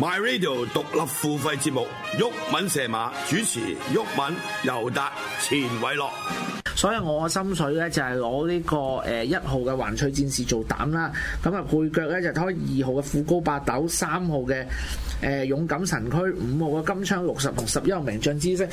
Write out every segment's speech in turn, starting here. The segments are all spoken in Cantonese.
My Radio 獨立付費節目，鬱敏射馬主持，鬱敏、尤達、錢偉樂。所以我嘅心水咧就係攞呢個誒一號嘅環翠戰士做膽啦，咁啊配腳咧就拖二號嘅富高八斗、三號嘅誒勇敢神區、五號嘅金槍六十同十一號名將知識。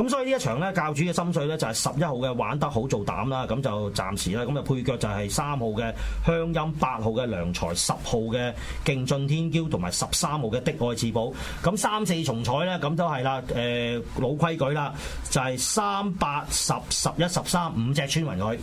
咁所以呢一場咧教主嘅心水咧就係十一號嘅玩得好做膽啦，咁就暫時啦，咁啊配腳就係三號嘅香音、八號嘅良才、十號嘅勁進天驕同埋十三號嘅的愛至寶。咁三四重彩咧，咁都係啦，誒老規矩啦，就係三八十十一十三五隻串勻去。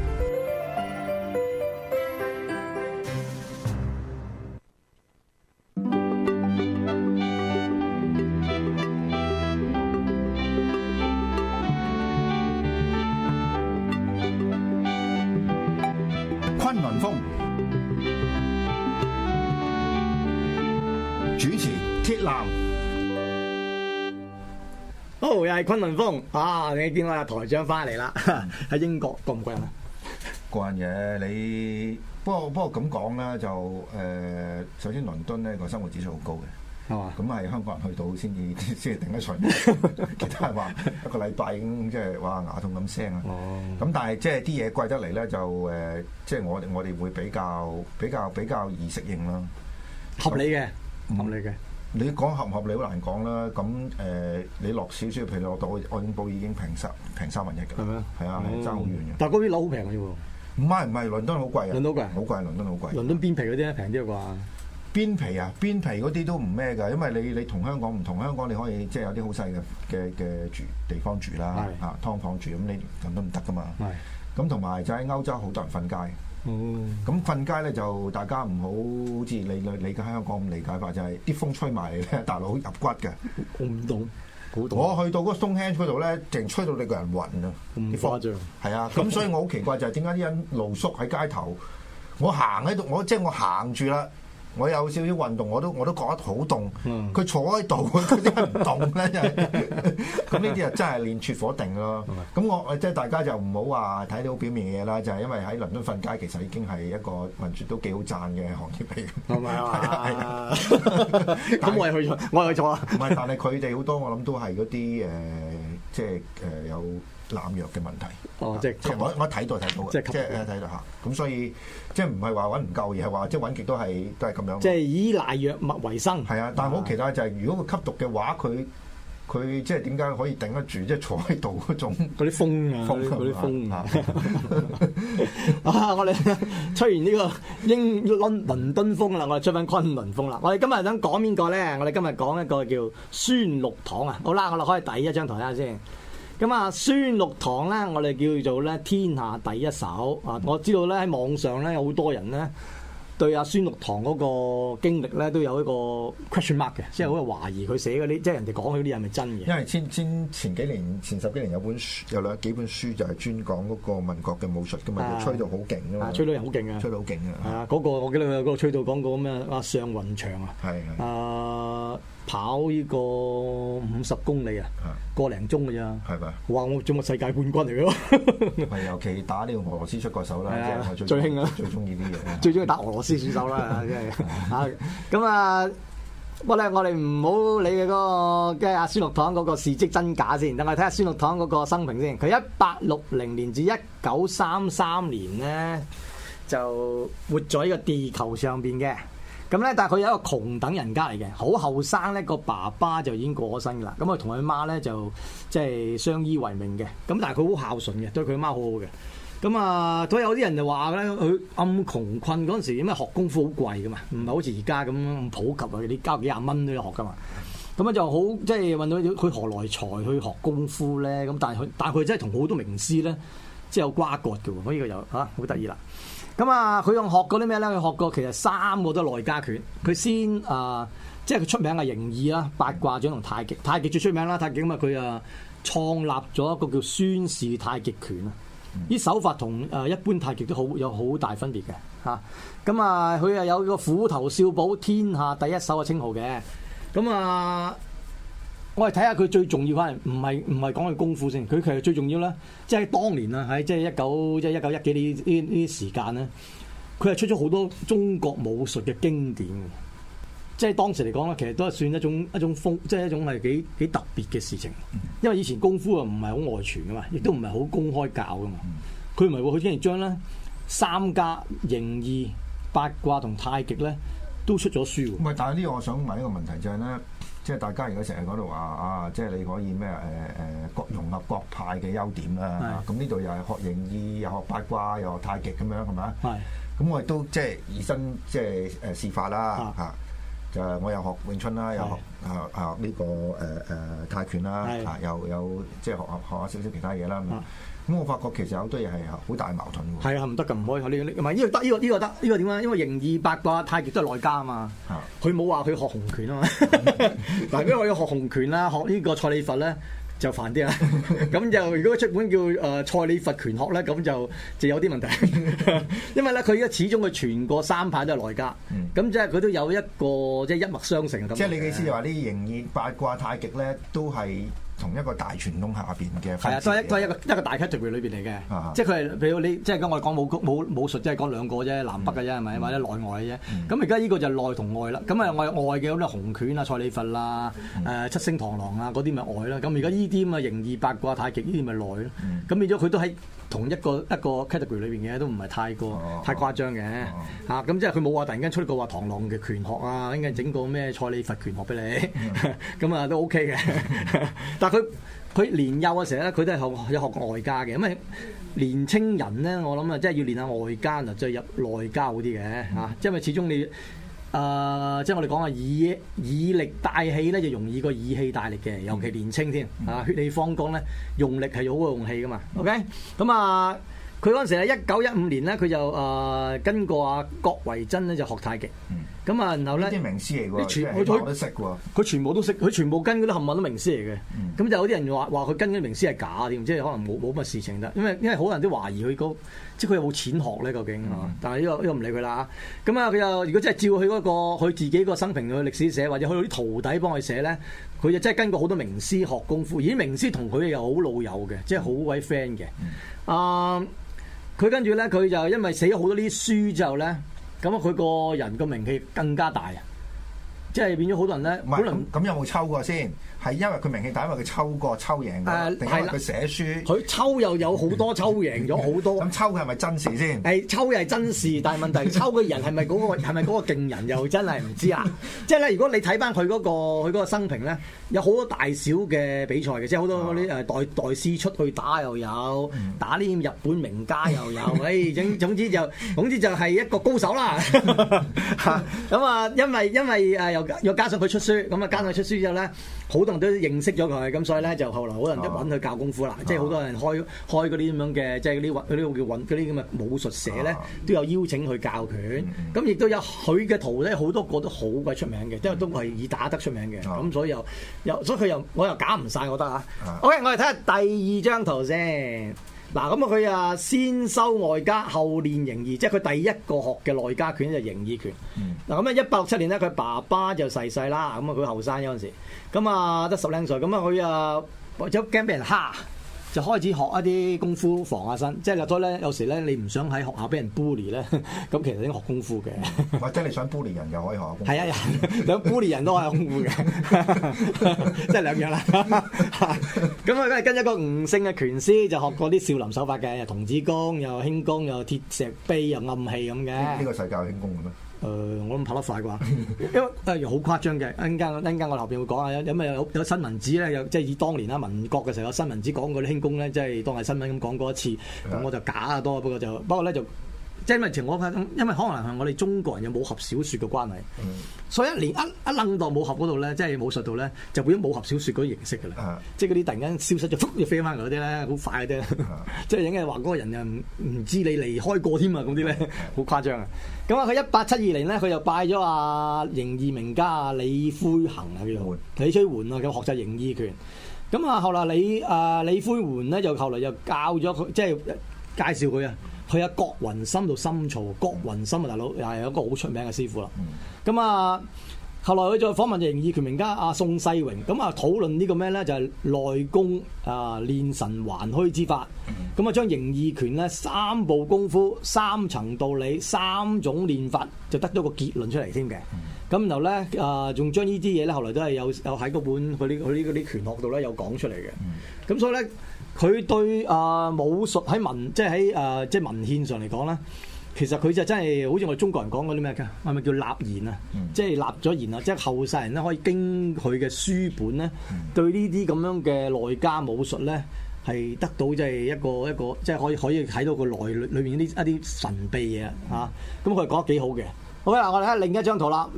崑崙風啊！你點啊？台長翻嚟啦，喺、嗯、 英國貴唔貴啊？貴、嗯、你不過不過咁講咧，就誒、呃，首先倫敦呢個生活指數好高嘅，咁係香港人去到先至先至頂得順， 其他人話一個禮拜咁即係哇牙痛咁聲啊！咁、嗯嗯、但係即係啲嘢貴得嚟咧，就誒，即、呃、係、就是、我哋我哋會比較比較比較易適應啦，合理嘅、嗯，合理嘅。你講合唔合理好難講啦，咁誒、呃、你落少少，譬如落到按報已經平三平三萬一㗎，係啊，係、嗯、爭好遠嘅。但係嗰啲樓好平嘅喎，唔係唔係，倫敦好貴啊！倫敦好貴，好貴，倫敦好貴。倫敦、敦邊皮嗰啲咧平啲啩？邊皮啊，邊皮嗰啲都唔咩㗎，因為你你同香港唔同，香港你可以即係有啲好細嘅嘅嘅住地方住啦，嚇、啊、劏房住咁你咁都唔得㗎嘛。係，咁同埋就喺歐洲好多人瞓街。嗯，咁瞓街咧就大家唔好好似你，你理解香港咁理解法，就係、是、啲風吹埋，大佬好入骨嘅，唔、嗯、凍，好、嗯、凍、嗯嗯。我去到嗰個 Stonehenge 嗰度咧，淨吹到你個人暈、嗯嗯、啊，幾誇張。係啊，咁所以我好奇怪就係點解啲人露宿喺街頭？我行喺度，我即係、就是、我行住啦。我有少少運動，我都我都覺得好凍。佢、嗯、坐喺度，佢點解唔凍咧？咁呢啲又真係練出火定咯。咁、嗯、我即係大家就唔好話睇到表面嘅嘢啦。就係、是、因為喺倫敦瞓街，其實已經係一個民主都幾好讚嘅行業嚟。唔係嘛？咁 我係去，我係去咗啊。唔 係，但係佢哋好多我諗都係嗰啲誒，即係誒、呃、有。濫藥嘅問題，即係我我睇到睇到嘅，即係睇到嚇。咁、嗯、所以即係唔係話揾唔夠，而係話即係揾極都係都係咁樣。即係依賴藥物為生。係啊，但係我好奇怪。就係，如果佢吸毒嘅話，佢佢即係點解可以頂得住，即係坐喺度嗰種嗰啲風啊，啲風,風啊！ 是的 啊，我哋吹完呢個英倫倫敦風啦，我哋出翻崑崙風啦。我哋今日想講邊個咧？我哋今日講一個叫孫祿堂啊！好啦，我哋可以第一張台睇下先。咁啊，孫祿堂咧，我哋叫做咧天下第一手啊！嗯、我知道咧喺網上咧有好多人咧對阿孫祿堂嗰個經歷咧都有一個 question mark 嘅，即係好有懷疑佢寫嗰啲，即、就、係、是、人哋講佢啲係咪真嘅？因為前前前幾年前十幾年有本書有兩幾本書就係專講嗰個民國嘅武術噶嘛，吹到好勁噶嘛，吹到人好勁啊，吹到好勁啊！係啊，嗰、那個我記得佢嗰個吹到講個咩啊尚雲祥啊，啊。跑呢個五十公里啊，嗯、個零鐘嘅咋，係咪？哇！我做咪世界冠軍嚟咯，係 尤其打呢個俄羅斯出個手啦、啊，最興 真的 啊！最中意呢樣最中意打俄羅斯選手啦，真係啊！咁啊，不過咧，我哋唔好理嘅嗰個，即係阿孫祿堂嗰個事跡真假先，等我睇下孫祿堂嗰個生平先。佢一八六零年至一九三三年咧，就活在呢個地球上邊嘅。咁咧，但係佢有一個窮等人家嚟嘅，好後生咧，個爸爸就已經過咗身噶啦。咁啊，同佢媽咧就即係相依為命嘅。咁但係佢好孝順嘅，對佢媽，媽好好嘅。咁啊，所以有啲人就話咧，佢咁窮困嗰陣時，點解學功夫好貴噶嘛，唔係好似而家咁普及啊，你交幾廿蚊都學噶嘛。咁啊就好，即係揾到佢何來財去學功夫咧？咁但係佢，但係佢真係同好多名師咧，即係有瓜葛嘅。所以佢又嚇好得意啦。啊咁啊，佢用學過啲咩咧？佢學過其實三個都內家拳，佢先啊、呃，即係佢出名係形意啦、八卦掌同太極。太極最出名啦，太極咁啊，佢啊創立咗一個叫孫氏太極拳啊，啲、嗯、手法同誒一般太極都好有好大分別嘅嚇。咁啊，佢又有一個虎頭少保天下第一手嘅稱號嘅。咁啊。我哋睇下佢最重要嘅，唔係唔係講佢功夫先。佢其實最重要咧，即係當年啊，喺即係一九，即係一九一幾呢呢呢啲時間咧，佢係出咗好多中國武術嘅經典。即係當時嚟講咧，其實都係算一種一種風，即係一種係幾幾特別嘅事情。因為以前功夫啊，唔係好外傳噶嘛，亦都唔係好公開教噶嘛。佢唔係喎，佢竟然將咧三家形意八卦同太極咧都出咗書。唔係，但係呢個我想問一個問題就係咧。即係大家如果成日講到話啊，即係你可以咩誒誒，各融合各派嘅優點啦。咁呢度又係學形意，又學八卦，又學太極咁樣，係咪、呃、啊？咁我亦都即係以身即係誒示範啦嚇。就我又學詠春啦，又學啊啊呢、呢個誒誒、呃呃、泰拳啦，啊又有即係學,學學學下少少其他嘢啦。咁我發覺其實有好多嘢係好大矛盾喎。係啊，唔得噶，唔可以學，這個這個這個這個，呢啲。唔係呢個得，呢個呢個得，呢個點啊？因為形意八卦太極都係內家啊嘛。佢冇話佢學洪拳啊嘛。嗱，如果我要學洪拳啦，學呢個蔡李佛咧就煩啲啦。咁 就如果出本叫誒蔡李佛拳學咧，咁就就有啲問題。 因為咧，佢而家始終佢傳過三派都係內家。嗯。咁即係佢都有一個，就是，一即係一脈相承咁。即係你嘅意思話啲形意八卦太極咧都係。同一個大傳統下邊嘅，係啊，都係一個一個大 category 裏邊嚟嘅，即係佢係，譬如你即係而家我講武武武術，即係講兩個啫，南北嘅啫，係、嗯、咪或者內外嘅啫？咁而家呢個就內同外啦。咁、嗯、啊，我係外嘅咁咧，洪拳啊、蔡李佛啊、誒、嗯、七星螳螂啊嗰啲咪外啦。咁而家呢啲咁嘅形意八卦、太極呢啲咪內咯。咁、嗯、變咗佢都喺。同一個一個 category 裏邊嘅，都唔係太過啊啊啊啊太誇張嘅嚇，咁、啊啊啊啊啊、即係佢冇話突然間出個話螳螂嘅拳學啊，嗯、應該整個咩蔡李佛拳學俾你，咁、嗯、啊 都 OK 嘅的。 但係佢佢年幼嘅時候咧，佢都係學有學過外家嘅，因為年青人咧，我諗啊，即係要練下外家啊，再入內家好啲嘅嚇，因、嗯、為、啊、始終你。誒、呃，即係我哋講啊，以以力帶氣咧，就容易過以氣帶力嘅，尤其年青添、嗯、啊，血氣方剛咧，用力係好過用氣噶嘛。嗯、OK，咁、嗯、啊，佢嗰陣時係一九一五年咧，佢就誒、呃、跟過阿郭維真咧就學太極。咁啊，然後咧，啲名師嚟喎，你全,全部都識喎，佢全,全部都識，佢全部跟嗰啲冚棒都名師嚟嘅。咁、嗯、就有啲人話話佢跟啲名師係假添，即係可能冇冇乜事情得，因為因為好多人都懷疑佢高即佢有冇錢學咧？究、嗯、竟？但係呢個呢個唔理佢啦嚇。咁啊，佢又如果真係照佢嗰、嗰個佢自己個生平去歷史寫，或者去到啲徒弟幫佢寫咧，佢就真係跟過好多名師學功夫。而啲名師同佢又好老友嘅，即係好鬼 friend 嘅。啊、嗯，佢跟住咧，佢就因為寫咗好多呢啲書之後咧，咁啊，佢個人個名氣更加大啊！即係變咗好多人咧，可能咁有冇抽過先？係因為佢名氣，大，因為佢抽過抽贏過，定、啊、因為佢寫書？佢抽又有好多抽贏咗好多。咁 抽佢係咪真事先？係、哎、抽又係真事，但係問題是 抽嘅人係咪嗰個咪嗰 個勁人又真係唔知啊！ 即係咧，如果你睇翻佢嗰個佢嗰個生平咧，有好多大小嘅比賽嘅，即係好多嗰啲誒代、啊、代師出去打又有打啲日本名家又有，誒、 哎、總，總之就總之就係一個高手啦。咁 啊、 嗯，因為因為誒、呃又加上佢出書，咁啊加上佢出書之後咧，好多人都認識咗佢，咁所以咧就後來好多人都揾佢教功夫啦、啊，即係好多人開開嗰啲咁樣嘅，即係嗰啲啲叫揾嗰啲咁嘅武術社咧，都有邀請佢教拳，咁亦都有佢嘅圖咧，好多個都好鬼出名嘅，即、嗯、係都係以打得出名嘅，咁、嗯、所以又又所以佢又我又揀唔晒我覺得嚇。OK，我哋睇下第二張圖先。嗱，咁啊佢啊先修外家，後練形意，即係佢第一個學嘅內家拳就形意拳。嗱、嗯，咁啊一八六七年咧，佢爸爸就逝世啦。咁啊佢後生嗰陣時，咁啊得十零歲，咁啊佢啊就驚俾人蝦。就開始學一啲功夫防下身，即係所以咧，有時咧你唔想喺學校俾人 bully 咧，咁其實已經學功夫嘅。或、嗯、者 你想 bully 人又可以學功夫。係啊，想 bully 人都可以功夫嘅， 即係兩樣啦。咁 我 跟一個吳姓嘅拳師就學過啲少林手法嘅，又童子功，又輕功，又鐵石碑，又暗器咁嘅。呢、這個這個世界有輕功嘅咩？誒、呃、我諗拍得快啩，因為好誇張嘅。一陣間我後邊會講下有有咩有，有新聞紙咧即係以當年啊民國嘅時候新聞紙講過啲輕功咧即係當係新聞咁講過一次，咁我就假啊多不過就不過咧就即因為我因可能係我哋中國人有武俠小說嘅關係，嗯、所以一年一一愣到武俠嗰度咧，即係武術度咧，就變咗武俠小說嗰種形式嘅啦、嗯。即係嗰啲突然間消失咗，速飛翻嚟嗰啲咧，好快嘅啫。即係應該話嗰個人又唔唔知你離開過添、嗯 嗯、啊，咁啲咧好誇張啊。咁啊，佢一八七二年咧，佢又拜咗阿形意名家李灰衡啊叫做、嗯。李灰桓啊，咁學習形意拳。咁啊、呃，後嚟李啊李灰桓咧，又後嚟又教咗佢，即係介紹佢啊，去阿郭雲深度深造。郭雲深啊，大佬又係一個好出名嘅師傅啦。咁、嗯、啊，後來佢再訪問形意拳名家阿宋世榮，咁、嗯、啊討論個呢個咩咧，就係、是、內功啊、呃、練神還虛之法。咁、嗯、啊將形意拳咧三步功夫、三層道理、三種練法，就得咗個結論出嚟添嘅。咁、嗯、然後咧仲、呃、將呢啲嘢咧，後來都係有有喺、這個本佢啲佢啲啲拳學度咧有講出嚟嘅。咁、嗯、所以咧。佢對啊、呃、武術喺文即係喺誒即係文獻上嚟講咧，其實佢就真係好似我哋中國人講嗰啲咩㗎？係咪叫立言啊？即係立咗言啊，即係後世人咧可以經佢嘅書本咧、嗯，對呢啲咁樣嘅內家武術咧係得到即係一個一個,一個即係可以可以睇到個內裏裡面啲一啲神秘嘢啊。咁佢講得幾好嘅。好啦，我哋睇另一張圖啦。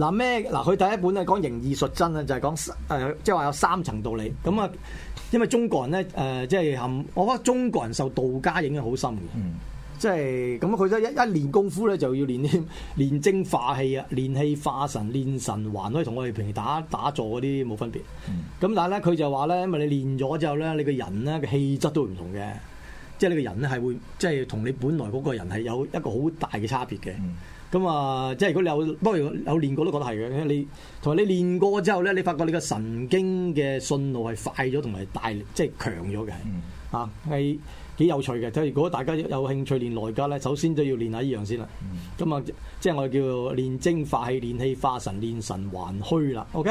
嗱、啊、咩？嗱佢、啊、第一本咧講形意術真啊，就係講誒，即係話有三層道理。咁啊，因為中國人咧誒，即係含，我覺得中國人受道家影響好深嘅。即係咁佢都一一練功夫咧就要練啲練精化氣啊，練氣化神，練神還可以同我哋平時打打坐嗰啲冇分別。咁、嗯、但係咧，佢就話咧，因為你練咗之後咧，你個人咧嘅氣質都唔同嘅，即、就、係、是、你個人咧係會即係同你本來嗰個人係有一個好大嘅差別嘅。嗯。咁啊，即係如果你有，不過有練過都覺得係嘅。因為你同埋你練過之後咧，你發覺你個神經嘅信號係快咗，同埋大力，即係強咗嘅。嗯、啊，係幾有趣嘅。即係如果大家有興趣練內家咧，首先都要練一下呢樣先啦。咁、嗯、啊，即係我哋叫做練精化氣，練氣化神，練神還虛啦。OK，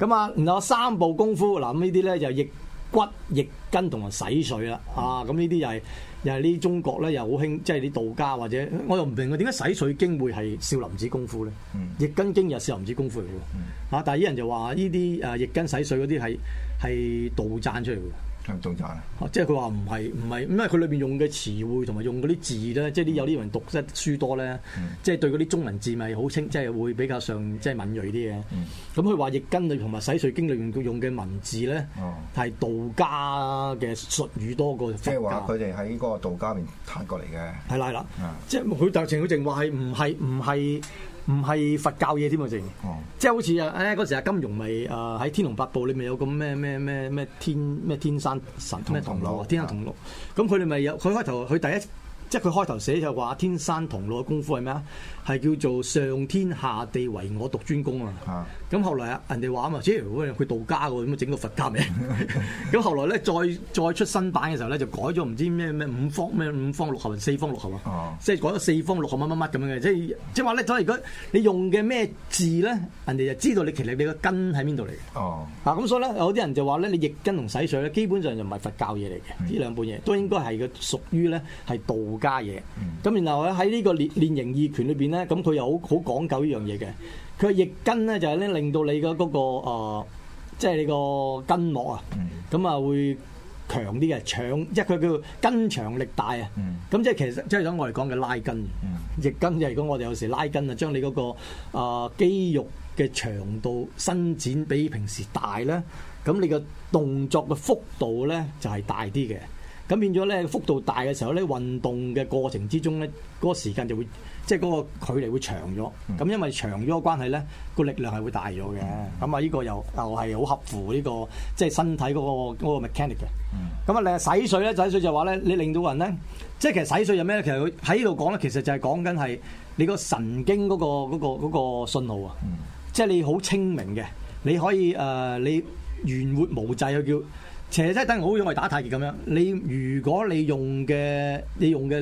咁啊，然後三步功夫嗱，這些呢啲咧就亦，骨液筋同埋洗水啦啊，咁呢啲又係又係呢？中國咧又好興，即係啲道家或者，我又唔明佢點解洗水經會係少林寺功夫咧？嗯、液筋經又少林寺功夫嚟喎啊！但係啲人就話呢啲誒液筋洗水嗰啲係係道贊出嚟㗎。咁道家哦，即係佢話唔係唔係，因為佢裏邊用嘅詞彙同埋用嗰啲字咧，即係啲有啲人讀得書多咧，即、嗯、係、就是、對嗰啲中文字咪好清，即、就、係、是、會比較上即係、就是、敏鋭啲嘅。咁佢話易筋經同埋洗髓經裏面佢用嘅文字咧，係、哦、道家嘅術語多過。即係話佢哋喺嗰個道家入邊彈過嚟嘅。係啦係啦，即係佢直情，佢淨話係唔係唔係。唔係佛教嘢添啊，正即係好似啊，誒嗰時啊，金庸咪誒喺《天龍八部》裏面有個咩咩咩咩天咩天山神咩童姥，天山童姥，咁佢哋咪有佢開頭佢第一。即係佢開頭寫就話天山同路嘅功夫係咩啊？係叫做上天下地唯我獨尊功啊！咁後來啊，人哋話啊嘛，即係如果佢道家嘅，點解整到佛教名？咁 後來咧，再再出新版嘅時候咧，就改咗唔知咩咩五方咩五方六合四方六合啊，即係改咗四方六合乜乜乜咁樣嘅，即係即係話咧，如果你用嘅咩字咧，人哋就知道你其實你個根喺邊度嚟嘅。啊咁、啊，所以咧有啲人就話咧，你易筋同洗髓咧，基本上就唔係佛教嘢嚟嘅，呢、嗯、兩本嘢都應該係個屬於咧係道。加、嗯、嘢，咁然後喺喺呢個練練形意拳裏面咧，咁佢又好好講究呢樣嘢嘅。佢易筋咧就係咧令到你嗰、那個、呃、即係你個筋膜啊，咁啊會強啲嘅長，即係佢叫筋長力大啊。咁即係其實即係等我嚟講嘅拉筋，易、嗯、筋就係如果我哋有時拉筋啊、那個，將你嗰個肌肉嘅長度伸展比平時大咧，咁你個動作嘅幅度咧就係大啲嘅。咁變咗咧，幅度大嘅時候咧，運動嘅過程之中咧，嗰、那個時間就會即係嗰個距離會長咗。咁、嗯、因為長咗個關係咧，個力量係會大咗嘅。咁、嗯、啊，呢個又又係好合乎呢、這個即係身體嗰、那個嗰、那個 mechanic 嘅。咁、嗯、啊，你洗水咧，洗水就話話咧，你令到人咧，即係其實洗水有咩咧？其實喺呢度講咧，其實就係講緊係你個神經嗰、那個嗰、那個嗰個信、那個、號啊、嗯。即係你好清明嘅，你可以誒、呃，你圓活無際去叫。斜側等我好似我係打太極咁樣，你如果你用嘅你用嘅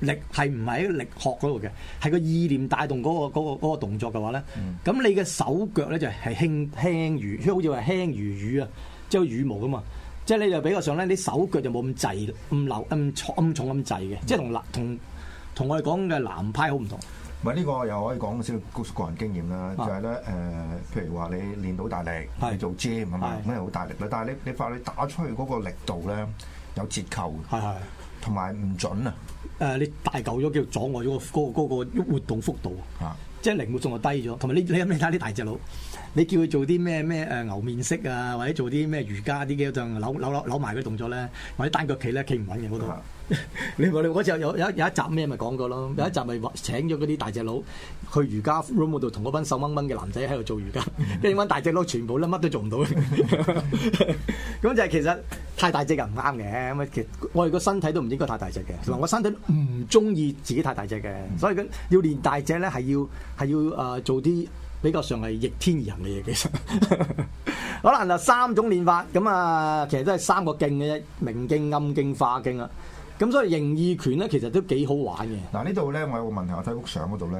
力係唔係喺力學嗰度嘅，係個意念帶動嗰個嗰個嗰個動作嘅話咧，咁你嘅手腳咧就係輕輕如好似話輕如羽啊，即係羽毛噶嘛，即係你就比較上咧，你手腳就冇咁滯，咁流咁重咁滯嘅，即係同同同我哋講嘅南派好唔同。唔係呢個又可以講少少個人經驗啦，就係咧誒，譬如話你練到大力去做 gym 咁嘛，咁係好大力啦，但係你你發你打出去嗰個力度咧有折扣嘅，係，係同埋唔準啊，誒、呃、你大嚿咗叫阻礙咗、嗰個、嗰個嗰個活動幅度啊，即係靈活仲係低咗，同埋你你有冇睇啲大隻佬？你叫佢做啲咩咩誒牛面式啊，或者做啲咩瑜伽啲嘅，就扭扭扭扭埋嗰動作咧，或者單腳企咧企唔穩嘅嗰度。你我哋嗰有有一有一集咩咪講過咯，有一集咪請咗嗰啲大隻佬去瑜伽 room 度同嗰班瘦掹掹嘅男仔喺度做瑜伽，跟住揾大隻佬全部咧乜都做唔到。咁、嗯、 就係其實太大隻啊唔啱嘅咁啊，其實我哋個身體都唔應該太大隻嘅。同埋我身體唔中意自己太大隻嘅，所以要練大隻咧係要係要誒做啲。比較上係逆天而行嘅嘢，其實可能就三種練法，咁啊其實都係三個勁嘅啫，明勁、暗勁、化勁啊。咁所以形意拳咧，其實都幾好玩嘅。嗱，呢度咧我有個問題，我睇幅相嗰度咧，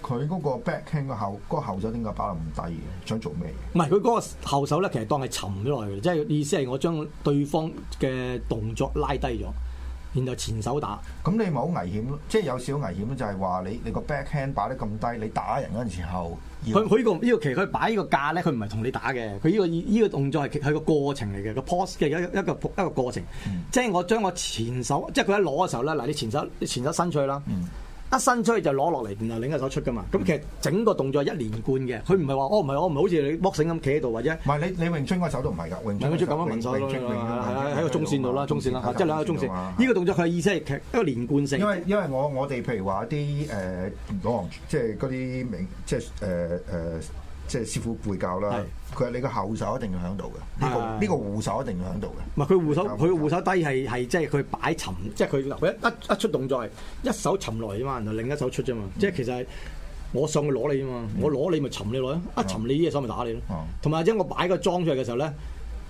佢嗰個 backhand 個後嗰個後手點解擺咁低嘅？想做咩？唔係佢嗰個後手咧，其實當係沉咗落去，即係意思係我將對方嘅動作拉低咗。然後前手打，咁你咪好危險咯，即係有少危險咯，就係話你你個 back hand 擺得咁低，你打人嗰陣時候要，佢佢呢個呢個其實佢擺呢個架咧，佢唔係同你打嘅，佢呢、呢個呢、呢個動作係佢個過程嚟嘅，個 pose 嘅一一個,一個,一,個一個過程，嗯、即係我將我前手，即係佢一攞嘅時候咧，嗱你前手你前手伸出去啦。嗯一伸出去就攞落嚟，然後另一手出噶嘛。咁其實整個動作係一連貫嘅，佢唔係話我唔係我唔係好似你剝繩咁企喺度或者。唔係你李詠春手都唔係㗎，詠春嗰出咁樣文手啦，喺喺個中線度啦，中線啦、啊，即係兩、啊、個中線。呢、這個動作佢意思係一個連貫性。因為因為我我哋譬如話啲誒 launch，即係嗰啲名即係誒誒。即、就、係、是、師傅背教啦，佢係你個後手一定要喺度嘅，呢、這個呢、這個護手一定要喺度嘅。唔係佢護手，佢護手低係係即係佢擺沉，即係佢佢一一,一出動作，一手沉落嚟啫嘛，然後另一手出啫嘛、嗯。即係其實我上去攞你啫嘛、嗯，我攞你咪沉你攞，咯、嗯，一沉你呢依手咪打你咯。同埋即係我擺個樁出嚟嘅時候咧。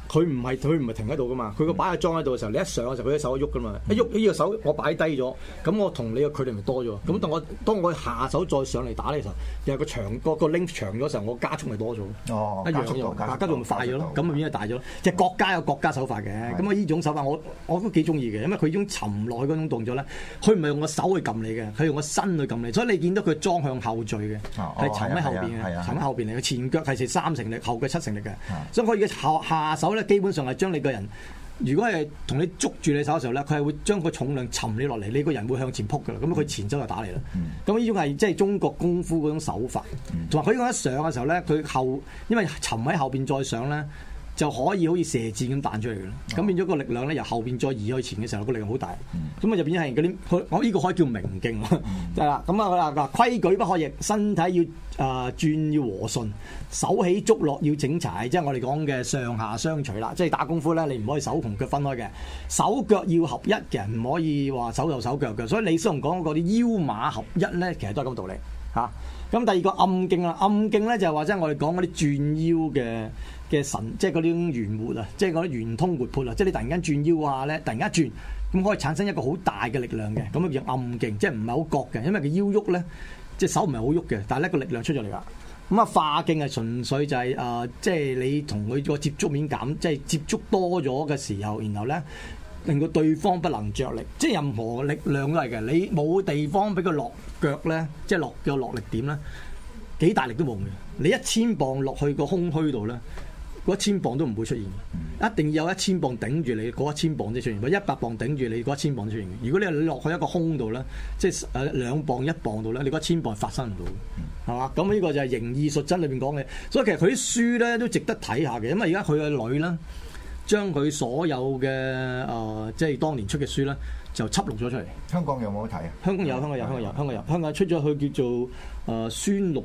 佢唔係佢唔係停喺度㗎嘛，佢個擺喺裝喺度嘅時候，你一上嘅時候，佢隻手喺喐㗎嘛，嗯、一喐呢個手我，我擺低咗，咁我同你嘅距離咪多咗？咁但我當我下手再上嚟打嘅時候，又個長、嗰個個拎長咗嘅時候，我嘅加速咪多咗咯。哦，加速咪快咗咯，咁咪變咗大咗咯。即、嗯、係國家有國家手法嘅，咁啊呢種手法我我都幾中意嘅，因為佢呢種沉落去嗰種動作咧，佢唔係用個手去撳你嘅，佢用個身去撳你，所以你見到佢裝向後墜嘅，係沉喺後邊嘅、哦，沉喺後邊嚟嘅，前腳係食三成力，後腳七成力嘅，所以我而家下手。基本上係將你個人，如果係同你捉住你手嘅時候咧，佢係會將個重量沉你落嚟，你個人會向前撲噶啦，咁佢前足就打你啦。咁呢種係即係中國功夫嗰種手法，同埋佢呢個一上嘅時候咧，佢後因為沉喺後邊再上咧。就可以好似射箭咁彈出嚟嘅咁變咗個力量咧，由後面再移去前嘅時候，個力量好大。咁啊就變成係嗰啲，我、這、呢個可以叫明勁。係、嗯、啦，咁啊嗱，規矩不可逆，身體要啊、呃、轉要和順，手起足落要整齊，即、就、係、是、我哋講嘅上下相隨啦。即係打功夫咧，你唔可以手同腳分開嘅，手腳要合一嘅，唔可以話手就手腳嘅。所以李思同講嗰啲腰馬合一咧，其實都係咁道理嚇。咁、啊、第二個暗勁啊，暗勁咧就係話即係我哋講嗰啲轉腰嘅。嘅神即係嗰啲圓活啊，即係嗰啲圓通活潑啊，即係你突然間轉腰下咧，突然間轉咁可以產生一個好大嘅力量嘅，咁叫暗勁，即係唔係好覺嘅，因為佢腰喐咧，即係手唔係好喐嘅，但係呢個力量出咗嚟㗎。咁啊化勁係純粹就係即係你同佢個接觸面減即係接觸多咗嘅時候，然後咧令到對方不能着力，即係任何力量都係嘅。你冇地方俾佢落腳咧，即係落腳落力點咧，幾大力都冇嘅。你一千磅落去個空虛度咧～嗰一千磅都唔會出現，一定要有一千磅頂住你嗰一千磅先出現，或者一百磅頂住你嗰一千磅先出現。如果你落去一個空度咧，即係誒兩磅一磅度咧，你嗰一千磅係發生唔到嘅，係嘛？咁呢個就係形意術真裏邊講嘅。所以其實佢啲書咧都值得睇下嘅，因為而家佢嘅女咧將佢所有嘅誒、呃、即係當年出嘅書咧就輯錄咗出嚟。香港有冇得睇啊？香港有，香港有，香港有，香港有，香港有，香港有，出咗佢叫做誒孫祿。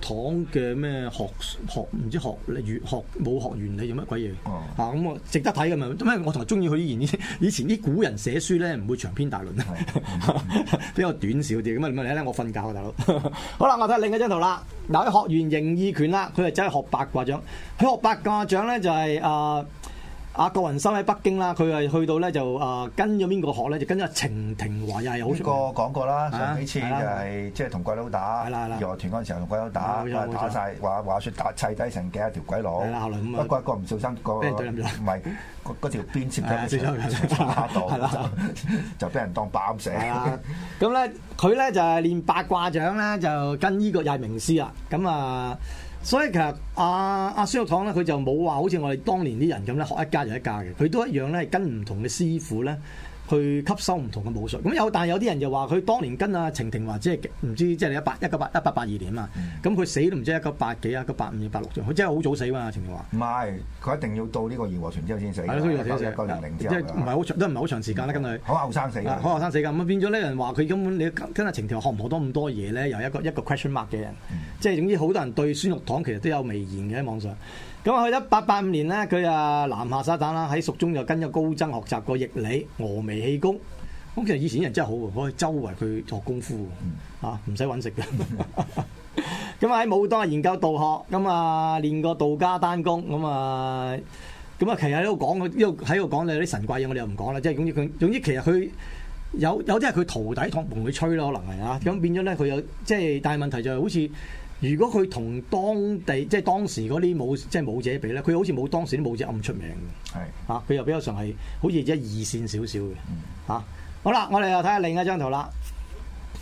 堂嘅咩學學唔知學理學冇學，學原理有乜鬼嘢咁值得睇㗎嘛！咁因為我就中意佢依然以前啲古人寫書咧唔會長篇大論，嗯嗯嗯、 比較短少啲咁啊。你睇我瞓覺啊，大佬。 好啦，我睇下另一張圖啦。嗱， 學完形意拳啦，佢就真係學八卦掌。佢學八卦掌咧就係，是。啊。呃阿郭雲生喺北京啦，佢係去到咧就啊跟咗邊個學咧？就跟咗程廷華又又好出名。呢、呢個講過啦，上幾次就係即係同鬼佬打，義和團嗰陣時候同鬼佬打，打晒話話説打，打說說說說砌低成幾一條鬼佬、嗰個。不過個唔小心個唔係嗰嗰條鞭子俾人當， 就就俾人當棒射。咁咧佢咧就係練八卦掌咧，就跟呢個又係名師啊。咁啊～所以其實阿阿、啊啊、孫祿堂咧，佢就冇話好似我哋當年啲人咁咧，學一家就一家嘅，佢都一樣咧，係跟唔同嘅師傅咧。去吸收唔同嘅武術，咁有，但係有啲人又話佢當年跟阿程庭華，即係唔知即係一八一九八一八一八,一八二年啊嘛，咁、嗯、佢死都唔知一九八幾啊一九八五一九八六，佢真係好早死嘛？程庭華唔係，佢一定要到呢個《義和團》之後先死，係咯，所以話一個年齡即係唔係好長，都唔係好長時間啦，跟佢。好後生死嘅，好後生死嘅，咁、嗯、變咗咧人話佢根本你跟阿程庭學唔學到咁多嘢咧？由一個一個 question mark 嘅人，嗯、即係總之好多人對孫祿堂其實都有微言嘅喺網上。咁去一八八五年咧，佢啊南下沙灘啦，喺蜀中就跟咗高僧學習過易理、峨眉氣功。咁其實以前啲人真係好喎，可以周圍去學功夫，啊唔使揾食嘅。咁啊喺、嗯、 武當研究道學，咁啊練個道家丹功，咁啊咁啊其實喺度講，喺度喺度講，有啲神怪嘢我哋又唔講啦。即、就、係、是、總之佢總之其實佢有有啲係佢徒弟同佢吹咯，可能係啊。咁變咗咧，佢有即係，但係問題就係、是、好似。如果佢同當地即係當時嗰啲武即係武者比咧，佢好似冇當時啲武者咁出名嘅，係啊，佢又比較上係好似一、二線少少嘅，嚇。好啦、啊，我哋又睇下另一張圖啦。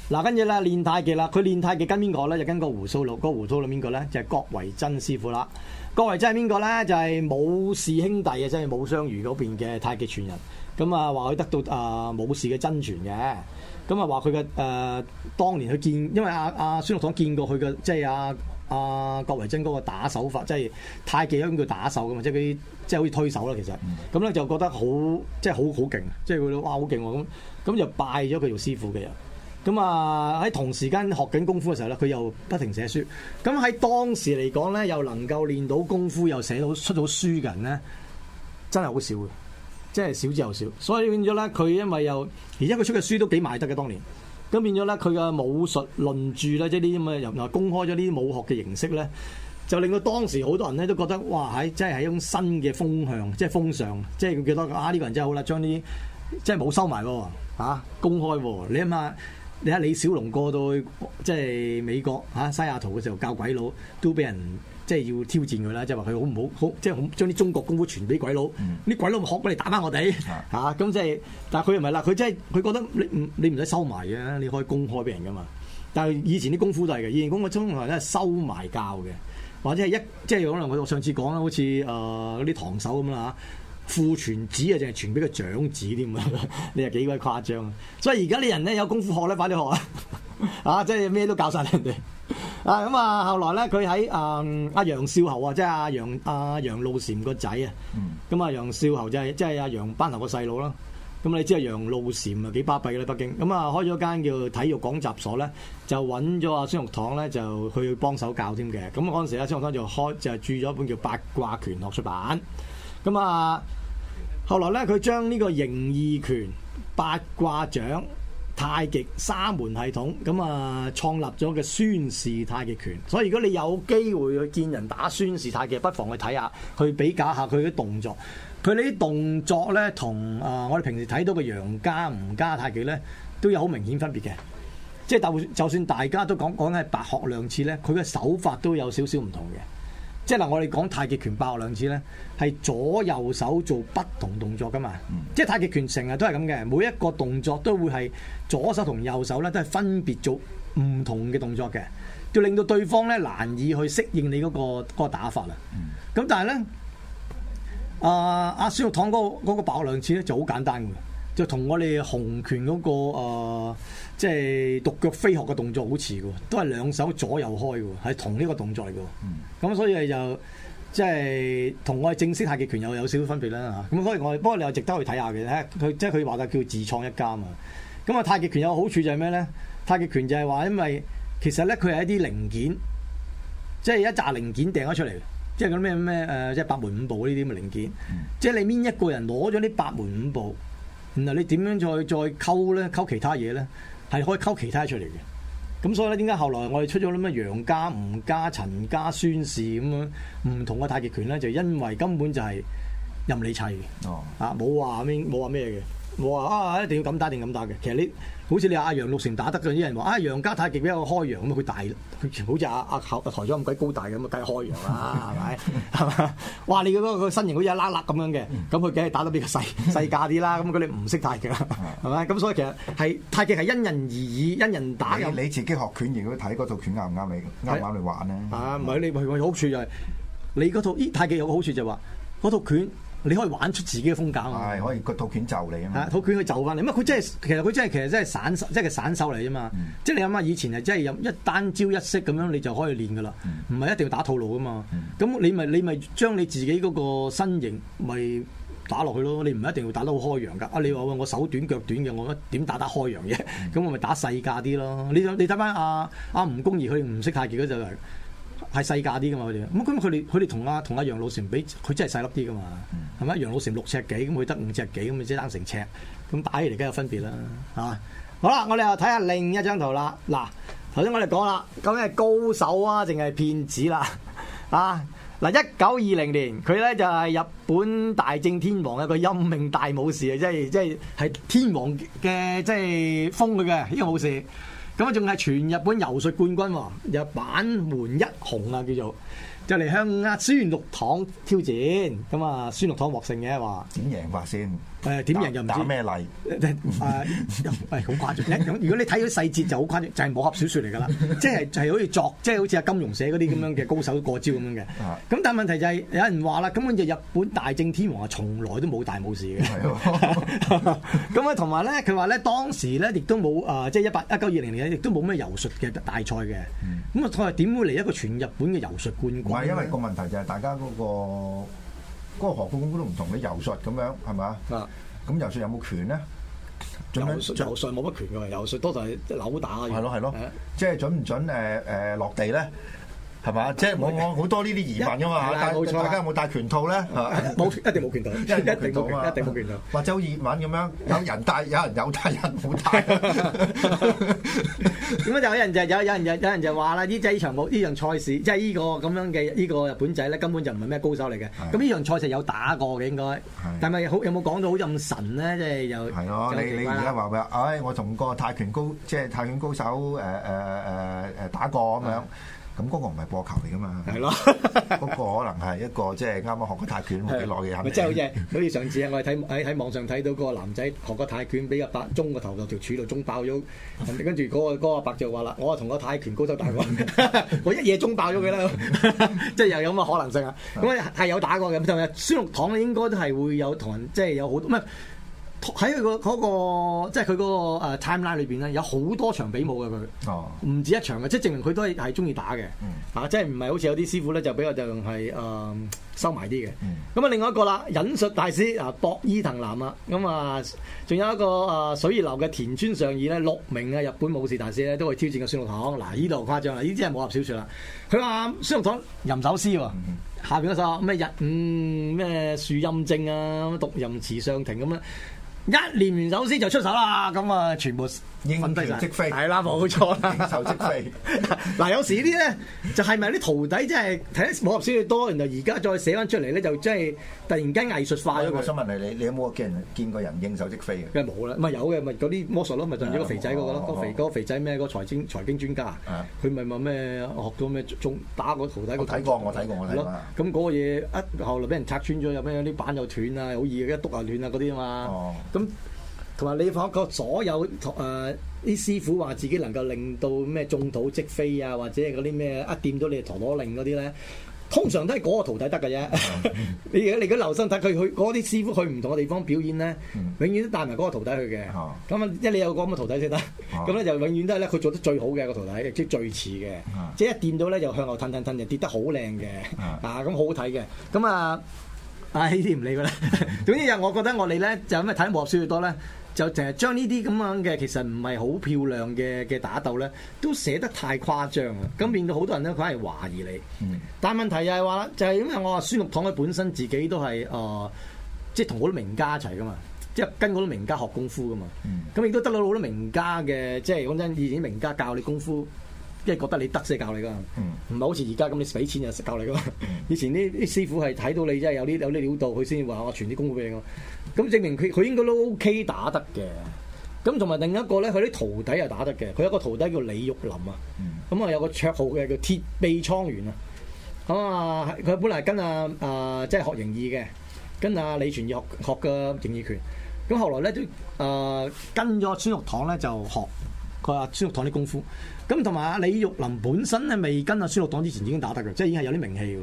嗱、啊，跟住啦，練太極啦，佢練太極，練太極跟邊個咧？就跟個胡鬚佬，個胡鬚佬邊個咧？就係、是、郭維真師傅啦。郭維真係邊個咧？就係、是、武氏兄弟啊，即、就、係、是、武雙瑜嗰邊嘅太極傳人。咁啊，話佢得到啊武氏嘅真傳嘅。咁啊，話佢嘅誒，當年佢見，因為阿、啊、阿、啊、孫祿堂見過佢嘅，即係阿阿郭為真嗰個打手法，即係太極嗰種叫打手噶嘛，即係嗰啲即係好似推手啦，其實，咁咧就覺得好，即係好好勁，即係佢都哇好勁喎，咁咁、啊、就拜咗佢做師傅嘅人。咁啊喺同時間學緊功夫嘅時候咧，佢又不停寫書。咁喺當時嚟講咧，又能夠練到功夫又寫到出到書嘅人咧，真係好少嘅。即係少之又少，所以變咗咧，佢因為又而家佢出嘅書都幾賣得嘅，當年咁，變咗咧，佢嘅武術論著啦，即係呢啲咁嘅又又公開咗呢啲武學嘅形式咧，就令到當時好多人咧都覺得哇，喺，即係係一種新嘅風向，即係風尚，即係佢記得，「啊呢、呢個人真係好啦，將呢啲即係冇收埋喎，公開喎，你諗下，你睇李小龍過到去即係美國、啊、西雅圖嘅時候教鬼佬都俾人。即係要挑戰佢啦，即係話佢好唔好？好即係好將啲中國功夫傳俾鬼佬，啲鬼佬學過嚟打返我哋嚇。咁即係，但係佢又唔係啦，佢真係佢覺得你唔你唔使收埋嘅，你可以公開俾人噶嘛。但係以前啲功夫都係嘅，以前功夫通常係收埋教嘅，或者係一即係可能我上次講啦，好似誒啲堂手咁啦嚇，父傳子啊，淨係傳俾個長子添啊，你係幾鬼誇張啊！所以而家啲人咧有功夫學咧，快啲學啊！ 啊，即係咩都教晒人哋。啊咁啊，後來咧，佢喺啊阿楊少侯啊，即係阿楊阿楊露禪個仔啊。咁啊，楊少侯就係即係阿、啊啊、楊班侯個細佬啦。咁你知啊，楊露禪、嗯就是、啊幾巴閉啦，北京。咁啊，開咗間叫體育講習所咧，就揾咗阿孫祿堂咧，就去幫手教添嘅。咁嗰陣時咧，孫祿堂就開就係注咗一本叫《八卦拳學》出版。咁啊，後來咧，佢將呢個形意拳、八卦掌。太極三門系統，咁啊，創立咗嘅孫氏太極拳，所以如果你有機會去見人打孫氏太極，不妨去睇下，去比較下佢啲動作。佢哋啲動作咧，同啊、呃、我哋平時睇到嘅楊家、吳家太極咧，都有好明顯分別嘅。即係大，就算大家都講講緊係白學兩次咧，佢嘅手法都有少少唔同嘅。即係嗱，我哋講太極拳爆兩次咧，係左右手做不同動作噶嘛。即係太極拳成日都係咁嘅，每一個動作都會係左手同右手咧，都係分別做唔同嘅動作嘅，要令到對方咧難以去適應你嗰、嗰個、嗰、嗰個打法啦。咁但係咧、呃，阿阿孫祿堂嗰、那個爆兩次咧就好簡單嘅就同我哋紅拳嗰、那個即係、呃就是、獨腳飛鶴嘅動作好似喎，都係兩手左右開嘅，係同呢個動作嚟喎。咁、嗯、所以就即係同我哋正式太極拳有有少少分別啦，咁所以我哋，不過你又值得去睇下嘅，佢即係佢話就是、說說叫自創一間啊。咁啊，太極拳有好處就係咩咧？太極拳就係話因為其實咧佢係一啲零件，即、就、係、是、一紮零件掟咗出嚟，即係嗰啲咩咩即係八門五步呢啲咁嘅零件。即、嗯、係你邊一個人攞咗啲八門五步。嗱，你點樣再再溝咧？溝其他嘢咧，係可以溝其他東西出嚟嘅。咁所以咧，點解後來我哋出咗啲咩楊家、吳家、陳家、孫氏咁樣唔同嘅太極拳咧？就因為根本就係任你砌嘅，哦，啊冇話咩冇話咩嘅。我啊，一定要咁打，定要咁打嘅。其實你好似你阿阿楊六成打得嗰啲人話，啊楊家太極比較開揚咁佢大，佢好似阿阿台台長咁鬼高大咁啊，梗係開揚啦，係咪？係嘛？哇！你嗰個身形好似一粒粒咁樣嘅，咁佢梗係打得比較細細架啲啦。咁佢哋唔識太極啦，係 咪？咁所以其實係太極係因人而異，因人打人。你你自己學拳型，睇嗰套拳啱唔啱你？啱玩你玩呢？唔、啊、係你佢、就係、個好處就係你嗰套太極有好處就係話嗰套拳。你可以玩出自己嘅風格、哎、嘛？係可以個套拳就你啊嘛！套拳去就翻你，咁佢真係其實佢真係其實真係散，手真散手、嗯，即係散手嚟啫嘛。即係你諗下，以前係真係有一單招一式咁樣，你就可以練噶啦。唔、嗯、係一定要打套路噶嘛。咁、嗯、你咪你咪將你，你自己嗰個身形咪打落去咯。你唔一定要打得好開揚噶。啊，你話我手短腳短嘅，我點打得開揚嘅？咁、嗯、 我咪打細架啲咯。你你睇翻阿阿吳公儀佢唔識太極就係、係。係細價啲噶嘛佢哋。咁咁佢哋佢哋同阿同阿楊老成比，佢真係細粒啲噶嘛，係、嗯、咪？楊老成六尺幾，咁佢得五尺幾，咁咪即係爭成尺，咁打起嚟梗係有分別啦，係嘛？好啦，我哋又睇下另一張圖啦。嗱，頭先我哋講啦，究竟係高手啊，定係騙子啦？啊，嗱，一九二零年，佢咧就係、是、日本大正天皇一個任命大武士啊，即係即係係天皇嘅即係封佢嘅呢個武士。咁啊，仲係全日本柔術冠軍喎，日板門一雄啊，叫做就嚟向阿孫祿堂挑戰，咁啊，孫祿堂獲勝嘅話，點贏法先？誒點贏又唔知打咩例好誇張！ 如果你睇到細節就好誇張，就係武俠小説嚟㗎啦， 即係就好、是、似作，即、就、係、是、好似阿金庸寫嗰啲咁樣嘅高手過招咁樣嘅。咁、嗯、但係問題就係、是、有人話啦，根本就日本大正天皇啊，從來都冇大冇事嘅。咁 啊， 同埋咧，佢話咧當時咧亦都冇即係一八一九二零年亦都冇咩游術嘅大賽嘅。咁、嗯、啊，佢話點會嚟一個全日本嘅游術冠軍？唔係因為個問題就係大家嗰、那個。嗰、嗰個何公都唔同你游説咁樣係咪啊？啊有有，咁游説有冇權咧？遊游説冇乜權嘅，游説多就係扭打。係咯，係咯，即係、即係、準唔準、呃呃、落地咧？係嘛？即係我我好多呢啲疑問㗎嘛，大家有冇戴拳套咧？冇一定冇拳套，冇 拳套一定冇拳，拳，拳套。或者好似葉問咁樣，有人戴， 有人有戴，有人冇戴。點解 有人就有？有人就有人就話啦：，呢 即場冇賽事，即係呢個咁樣嘅呢個日本仔咧，根本就唔係咩高手嚟嘅。咁呢場賽事有打過嘅應該，是但係好有冇講到好咁神咧？即係又係咯？你你而家話咩？哎，我同個泰拳高即係泰拳高手、呃呃、打過咁樣。呃咁、那、嗰個唔係播球嚟噶嘛？係咯，嗰、那個可能係一個即係啱啱學過泰拳幾耐嘅，係咪？即係好似上次啊，我哋睇喺喺網上睇到個男仔學過泰拳，俾阿伯中個頭落條柱度中爆咗。跟住嗰個阿、那個、伯就話啦：，我啊同個泰拳高手打過， 我一夜中爆咗佢啦，即係又有咁嘅可能性啊。咁 係有打過嘅，就係孫祿堂咧，應該都係會有同即係有好多咩。喺佢、嗰個嗰即係佢嗰個 timeline 裏邊咧，有好多場比武嘅佢，唔止一場嘅，即係證明佢都係係中意打嘅。嗱、嗯啊，即係唔係好似有啲師傅咧就比較就係誒收埋啲嘅。咁、嗯、啊、嗯，另外一個啦，忍術大師啊，薄衣藤男啊，咁啊，仲有一個啊，水月流嘅田村上二呢，六名嘅日本武士大師咧，都會挑戰嘅孫祿堂。嗱、啊，呢度誇張啦，呢啲係武俠小説啦。佢話孫祿堂吟首詩喎，下邊嗰首咩日午咩、嗯、樹陰正啊，獨吟池上亭咁樣。啊一練完手姿就出手啦，咁啊，全部應手即飛，係啦，冇錯啦，應手即飛。嗱， 有時啲咧就係咪啲徒弟即係睇得冇咁多，然後而家再寫翻出嚟咧就即係突然間藝術化咗。我有一想問你，你有冇見見過人應手即飛嘅？梗係冇啦，咪有嘅，咪嗰啲魔術咯，咪就係、是、個肥仔嗰、那個咯，嗯嗯那個肥、哦那個肥仔咩、哦那個財經財經專家，佢咪話咩學到咩中打，個、啊、打個徒弟睇過我睇過、那個、我睇過咁嗰、那個嘢一後來俾人拆穿咗，有咩有啲板又斷啊，好易一篤啊斷啊嗰啲啊嘛。咁同埋你發覺所有誒啲、uh, 師傅話自己能夠令到咩中土即飛啊，或者係嗰啲咩一掂到你陀螺令嗰啲咧，通常都係嗰個徒弟得嘅啫。你而家你家留心睇佢去嗰啲師傅去唔同嘅地方表演咧，永遠都帶埋嗰個徒弟去嘅。咁啊一你有個咁嘅徒弟先得，咁、啊、咧就永遠都係咧佢做得最好嘅、嗰個徒弟，即、就、係、是、最似嘅。即、嗯、係、就是、一掂到咧就向後褪褪褪，就跌得很漂亮的、嗯嗯、好靚嘅。嗱咁好好睇嘅。咁啊～啊！呢啲唔理佢啦。總之又我覺得我哋咧就咁樣睇武俠書越多咧，就淨係將呢啲咁樣嘅其實唔係好漂亮嘅嘅打鬥咧，都寫得太誇張啊！咁變到好多人咧佢係懷疑你。嗯、但係問題又係話，就係因為我話孫祿堂佢本身自己都係誒，即係同好多名家一齊噶嘛，即係跟好多名家學功夫噶嘛。咁亦都得到好多名家嘅，即係講真以前啲名家教你功夫。即係覺得你得些教你噶，唔係好似而家咁你俾錢就識教你噶。以前啲啲師傅係睇到你真係有啲有啲料到，佢先話我傳啲功夫俾你噶。咁證明佢佢應該都 OK 打得嘅。咁同埋另一個咧，佢啲徒弟又打得嘅。佢有個徒弟叫李玉林啊，咁、嗯、啊有個綽號嘅叫鐵臂蒼猿啊。咁啊，佢本嚟跟阿阿即係學形意嘅，跟阿、啊、李存義學學嘅形意拳。咁後來咧都誒跟咗孫祿堂咧就學。佢話孫祿堂啲功夫，咁同埋阿李玉琳本身咧未跟阿孫祿堂之前已經打得嘅，即係已經係有啲名氣嘅。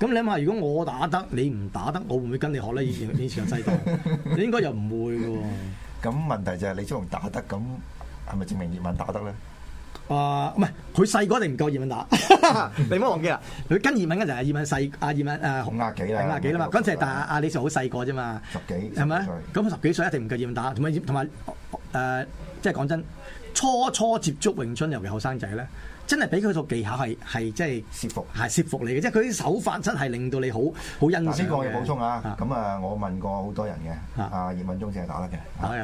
咁、嗯、你諗下，如果我打得，你唔打得，我會唔會跟你學咧？以前以前嘅世代，你 應該又唔會嘅、啊。咁問題就係、是、李小龍打得，咁係咪證明葉問打得咧、呃？ 啊，唔係，佢細個一定唔夠葉問打，啊、你唔好忘記啦。佢跟葉問嗰陣係葉問細，阿葉問誒五廿幾啦，五廿幾啦嘛。嗰陣時但阿阿李小龍好細個啫嘛，十幾，係咪？咁十,十幾歲一定唔夠葉問打，同埋同埋誒，即係講真。初初接觸詠春，尤其後生仔咧，真係俾佢套技巧係係即係說服，是服，係說服你嘅。即係佢啲手法真係令到你好好欣賞。呢個我要補充啊。咁啊，啊，我問過好多人嘅、啊啊啊啊，啊葉問中淨係打得嘅，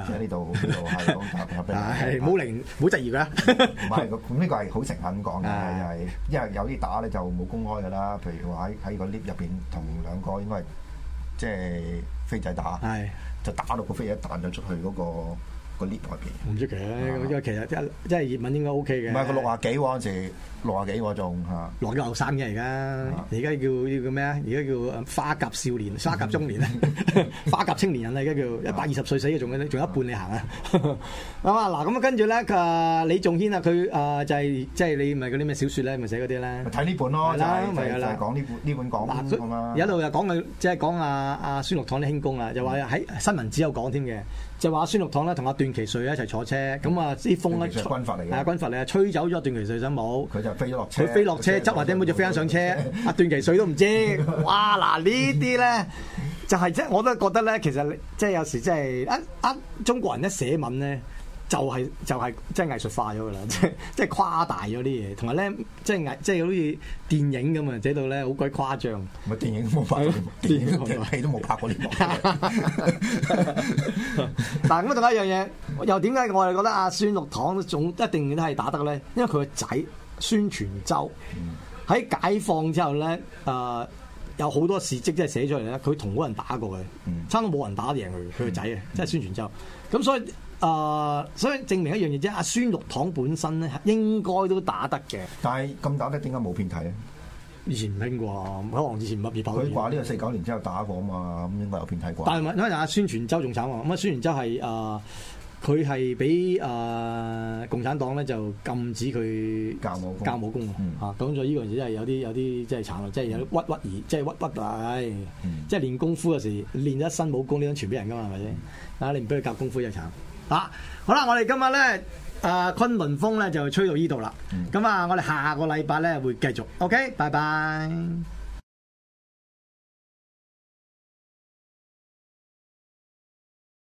喺呢度呢度嚇，冇零冇質疑啦。唔、啊、係，咁、啊、呢、啊啊啊啊啊、個係好誠懇講嘅，係、啊就是、因為有啲打咧就冇公開㗎啦。譬如話喺喺個 lift 入面，同兩個應該係即係飛仔打，啊、就打到個飛仔彈咗出去嗰、那個。個唔出奇，因為其實即即係葉問應該 O K 嘅。唔係佢六啊幾喎，當時六啊幾喎仲嚇。六啊後生嘅而家，而家叫叫咩啊？而家叫花甲少年、花甲中年、嗯、 花甲青年人啦。而家叫一百二十歲死嘅，仲有仲有一半你行啊。咁啊嗱，咁啊跟住咧，啊，李仲軒啊，佢啊就係即係你唔係嗰啲咩小説咧，咪寫嗰啲咧？睇呢本咯，就係、是就是就是、講呢本呢、就是、本講法。有一度又講佢，即、就、係、是、講啊，阿、啊啊、孫祿堂啲輕功啊，又話喺新聞紙有講添嘅。就話孫祿堂咧同阿段祺瑞一齊坐車，咁啊啲風咧，啊軍閥嚟啊，吹走咗段祺瑞先帽。佢就飛咗落，佢飛落車執或者冇就飛返上車，阿段祺瑞都唔知， 哇嗱呢啲咧就係、是、即我都覺得咧，其實即有時即、就、係、是、啊，一中國人一寫文咧。就係、是、就係即係藝術化咗噶啦，即即係誇大咗啲嘢，同埋咧即係藝即係好似電影咁啊！寫到咧好鬼誇張，我電影都冇拍過電，電影戲都冇拍過連環。嗱咁啊，仲 有一樣嘢，又點解我哋覺得阿孫六堂總一定都係打得咧？因為佢個仔孫傳周喺解放之後咧，誒、呃、有好多事跡即係寫出嚟咧，佢同嗰人打過嘅， 差唔多冇人打得贏佢，佢個仔啊， 即係孫傳周咁，所以。啊、uh，所以證明一樣嘢啫。阿孫祿堂本身咧，應該都打得嘅。但係咁打得，點解冇片睇咧？以前聽過，可能以前特別跑。佢話呢個四九年之後打過啊嘛，咁應該有片睇過，但係問題阿孫傳周仲慘喎。咁啊，孫傳周係啊，佢係俾共產黨咧就禁止佢教武教武功啊。講咗呢個嘢真係有啲有啲真係慘啊！即、就、係、是、有屈屈而，即、就、係、是、屈屈啊、就是嗯！即係練功夫嗰時候練咗一身武功，呢嘢傳俾人㗎嘛，係咪先？啊、嗯，你唔俾佢教功夫就慘。嗱、啊，好啦，我哋今日咧，啊，崑崙風咧就吹到呢度啦。咁、嗯、啊，那我哋下個禮拜咧會繼續。OK，拜拜。嗯